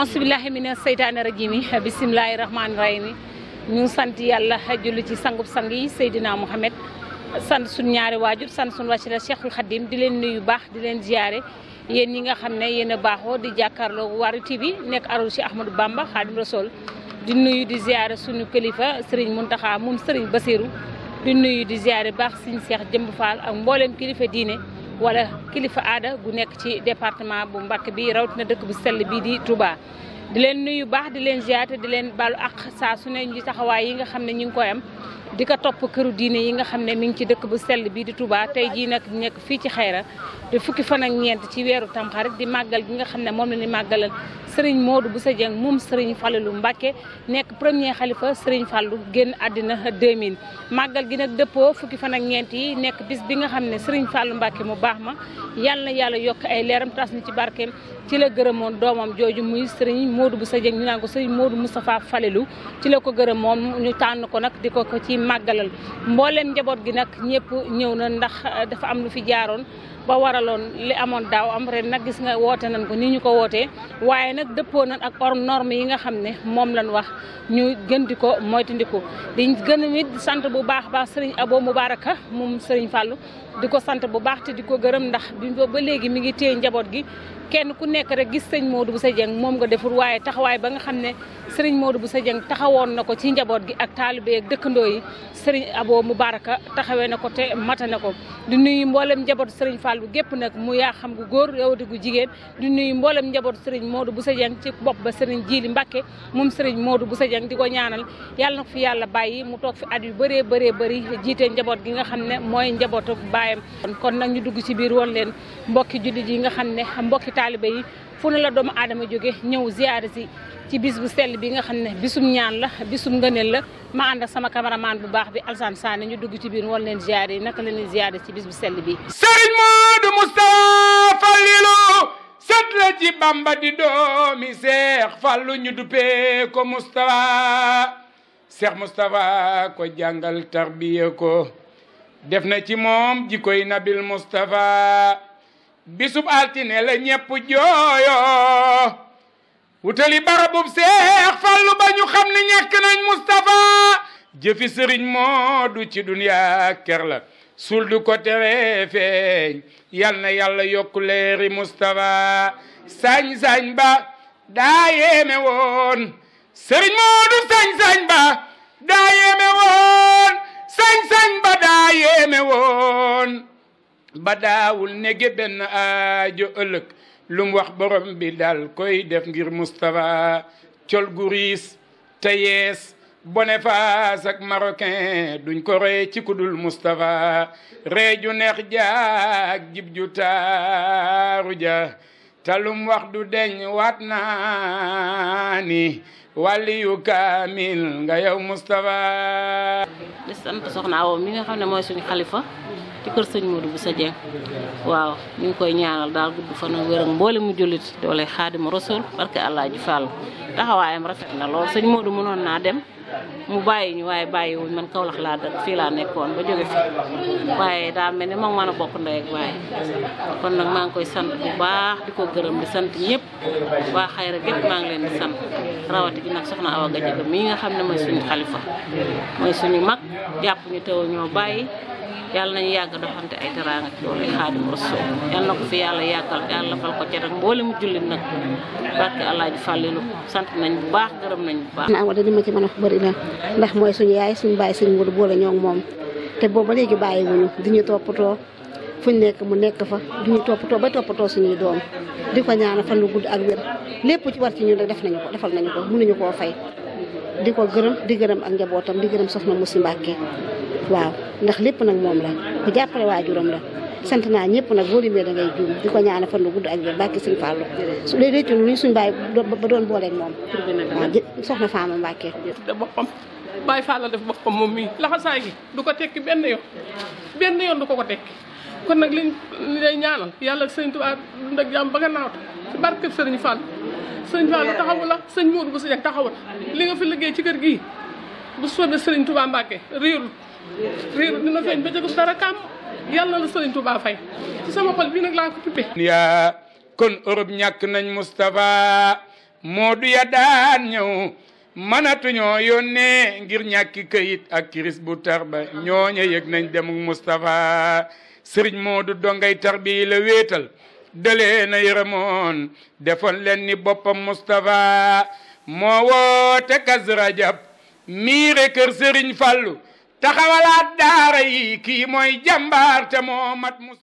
ansubillahi mina seytaane rajim yi bisimilahi rahmaani rahim yi ñu sant yàlla julli ci sangub sang yi Seydina Mouhamed sant suñ ñaari waajur sant suñ wàcc la Cheikhul Khadim di leen nuyu baax di leen ziyaare yéen ñi nga xam ne yéen a baaxoo di war Waarwi TV nekk aru ci Ahmadou Bamba Khadim Rasoul di nuyu di ziyaare suñu kilifa Serigne Mountakha moom Serigne Bassirou di nuyu di ziyaare baax Serigne Cheikh Jëmb Fall ak mbooleem kilifa diine wala kilifa aada gu nekk ci département bu Mbacké bi na dëkk bu sell bii di Touba. di leen nuyu baax di leen ziyaate di leen baalu ak saa su ne ñu taxawaay yi nga xam ne ñu ngi koy am di ko topp këru diine yi nga xam ne mi ngi ci dëkk bu sell bii di Touba tey jii nag nekk fii ci xayra di fukki fan ak ñeent ci weeru tamxarit di màggal gi nga xam ne moom la ñu màggalal Serigne Modou bu Dieng moom Serigne Fallou Mbacké nekk premier xalifa Serigne Fallou génn àddina 2000 màggal gi nag dëppoo fukki fan ak ñeent yi nekk bis bi nga xam ne Serigne Fallou Mbacké mu baax ma yàlla na yàlla yokk ay leeram tas ni ci barkeem ci la gërëmoon doomam jooju muy Serigne moodu bu Dieng ñu naan ko Serigne Modou Moustapha Fallou ci la ko gërëm moom ñu tànn ko nag di ko ko ci màggalal mbooleem njaboot gi nag ñëpp ñëw na ndax dafa am lu fi jaaroon ba waraloon li amoon daaw nag gis nga woote nañ ko ni ñu ko wootee nag dëppoo na ak or norme yi nga xam ne moom lañ wax ñu gën di ko moytandiku di gën sant bu baax baax Serigne Abo Moubaraka moom Serigne Fallou di ko sant bu baax te di ko gërëm ndax bi ba léegi mi ngi téye njaboot gi kenn ku nekk rek gis sëñ Modou Bousso Dieng moom nga deful waaye taxawaay ba nga xam ne sëriñ Modou Bousso Dieng taxawoon na ko ci njaboot gi ak taalibe ak dëkkandoo yi sëriñ Abo Moubaraka taxawee na ko te mata na ko di nuyu mboolem njabootu sëriñ Fallou gépp nag mu yaa xam gu góor yowati gu jigéen di nuyu mboolem njabootu sëriñ Modou Bousso Dieng ci bopp ba sëriñ Jili Mbacke moom sëriñ Modou Bousso Dieng di ko ñaanal yàlla na ko fi yàlla bàyyi mu toog fi at yu bëree bëree bëri jiite njaboot gi nga xam ne mooy njabootu baayam kon nag ñu dugg ci biir woon leen mbokki jullit yi nga xam ne mbokki taalibe yi fu ne la doomu aadama jóge ñëw ziyaare si ci bis bu sell bi nga xam ne bisum ñaan la bisum ngëneel la ma ànd ak sama cameraman bu baax bi Alsaan Saane ñu dugg ci biir woon leen ziyaare yi naka la ñuy ziyaare ci bis bu sell bi Sëriñ Modou Moustapha Fallilou sët la ci Bamba di doomi Seex Fallu ñu duppee ko Moustapha Seex Moustapha ko jàngal tarbiya ko def na ci moom jikkoy nabil Mustapha bisub altine la ñépp jooyo wutali barabub seex fallu ba ñu xam ni ñàkk nañ Mustapha jëfi sëriñ moo du ci duniya ker la suul du ko tere feeñ yal na yàlla yokku leeri Mustapha sañ-sañ ba daa yéeme woon sëriñ moo du sañ-sañ ba daa yéeme woon sañ-sañ ba woon ba daawul nege benn aajo ëllëg lu wax borom bi daal koy def ngir Moustapha col gu riis te yees Boniface ak marocain duñ ko ree ci kudul Moustapha ree neex ja ak jib ju taaru ja talum wax du deñ waat naa ni waliyu kaamil nga yow Moustapha. di sant soxna Awa mi nga xam ne mooy suñu xalifa ci kër sëñ Modou Bousso Dieng waaw ñu ngi koy ñaanal daal gudd fan ak wér mboole mu jullit doole xaadima rasul barke Alaaji Fall taxawaayam rafet na lool sëñ Modou mënoon naa dem. mu bàyyi ñu waaye bàyyi wuñ man Kaolack laa dëkk fii laa nekkoon ba jóge fi waaye daa mel ne moom mën a bokk ndey ak waaye kon nag maa ngi koy sant bu baax di ko gërëm di sant ñëpp waa xayra gépp maa ngi leen di sant rawati gi nag soxna Awa Gadiaga mii nga xam ne mooy suñu xalifa mooy suñu mag jàpp ñu teew ñoo bàyyi yàlla nañu yàgg doxante ay teraanga ci loolu xaadim rasul yàlla na ko fi yàlla yàggal yàlla fal ko cere mboolem jullit nag barke alaaji fàllilu sant nañ ma ci mën a wax bëri na ndax mooy suñu yaay suñu bàyyi suñu wut boole ñoo moom te booba léegi bàyyi wuñu diñu toppatoo fuñ nekk mu nekk fa duñu toppatoo ba toppatoo suñuy doom di ko ñaana fan lu gudd ak wér lépp ci war ci ñu rek def nañu ko defal nañu ko mënuñu koo fay di ko gërëm di gërëm ak njabootam di gërëm soxna Moussi Mbacke waaw ndax lépp nag moom la ku jàppale waajuram la sant naa ñëpp nag boo limee da ngay juum di ko ñaanal fan lu gudd ak jël bàkki suñ su dee réccu lu suñ bàyyi ba doon booleeg moom waaw soxna Fama Mbacke te boppam bàyyi Fall la def boppam moom mii laxasaay gi du ko tekki benn yoon benn yoon du ko ko tekki kon nag liñ li day yàlla ak sëñ Tuubaa dund ak jàmm barkeb sëriñ Fall sëñ Fall taxawu la sëñ Mourou bu si nekk taxawu fi liggéey ci kër gii bu soobee sëriñ Tuubaa Mbàkke réerul réerul dina feeñ ba jëgub dara kàmm yàlla la sëriñ Tuubaa fay ci sama xol bii nag laa ko tippee. yaa kon Europe ñàkk nañ Moustapha Modou ya daan ñëw. manatuñoo yónnee ngir ñàkki këyit ak kiris bu tar ba ñooña yëg nañ demuk Moustapha sëriñ Moodu dongay tarbiya la wéetal dalee na yërëmoon defoon leen ni boppam Moustapha moo woote kas rajab miire kër sëriñ Fallu taxawalaat daara yi kii mooy jàmbaar te moo mat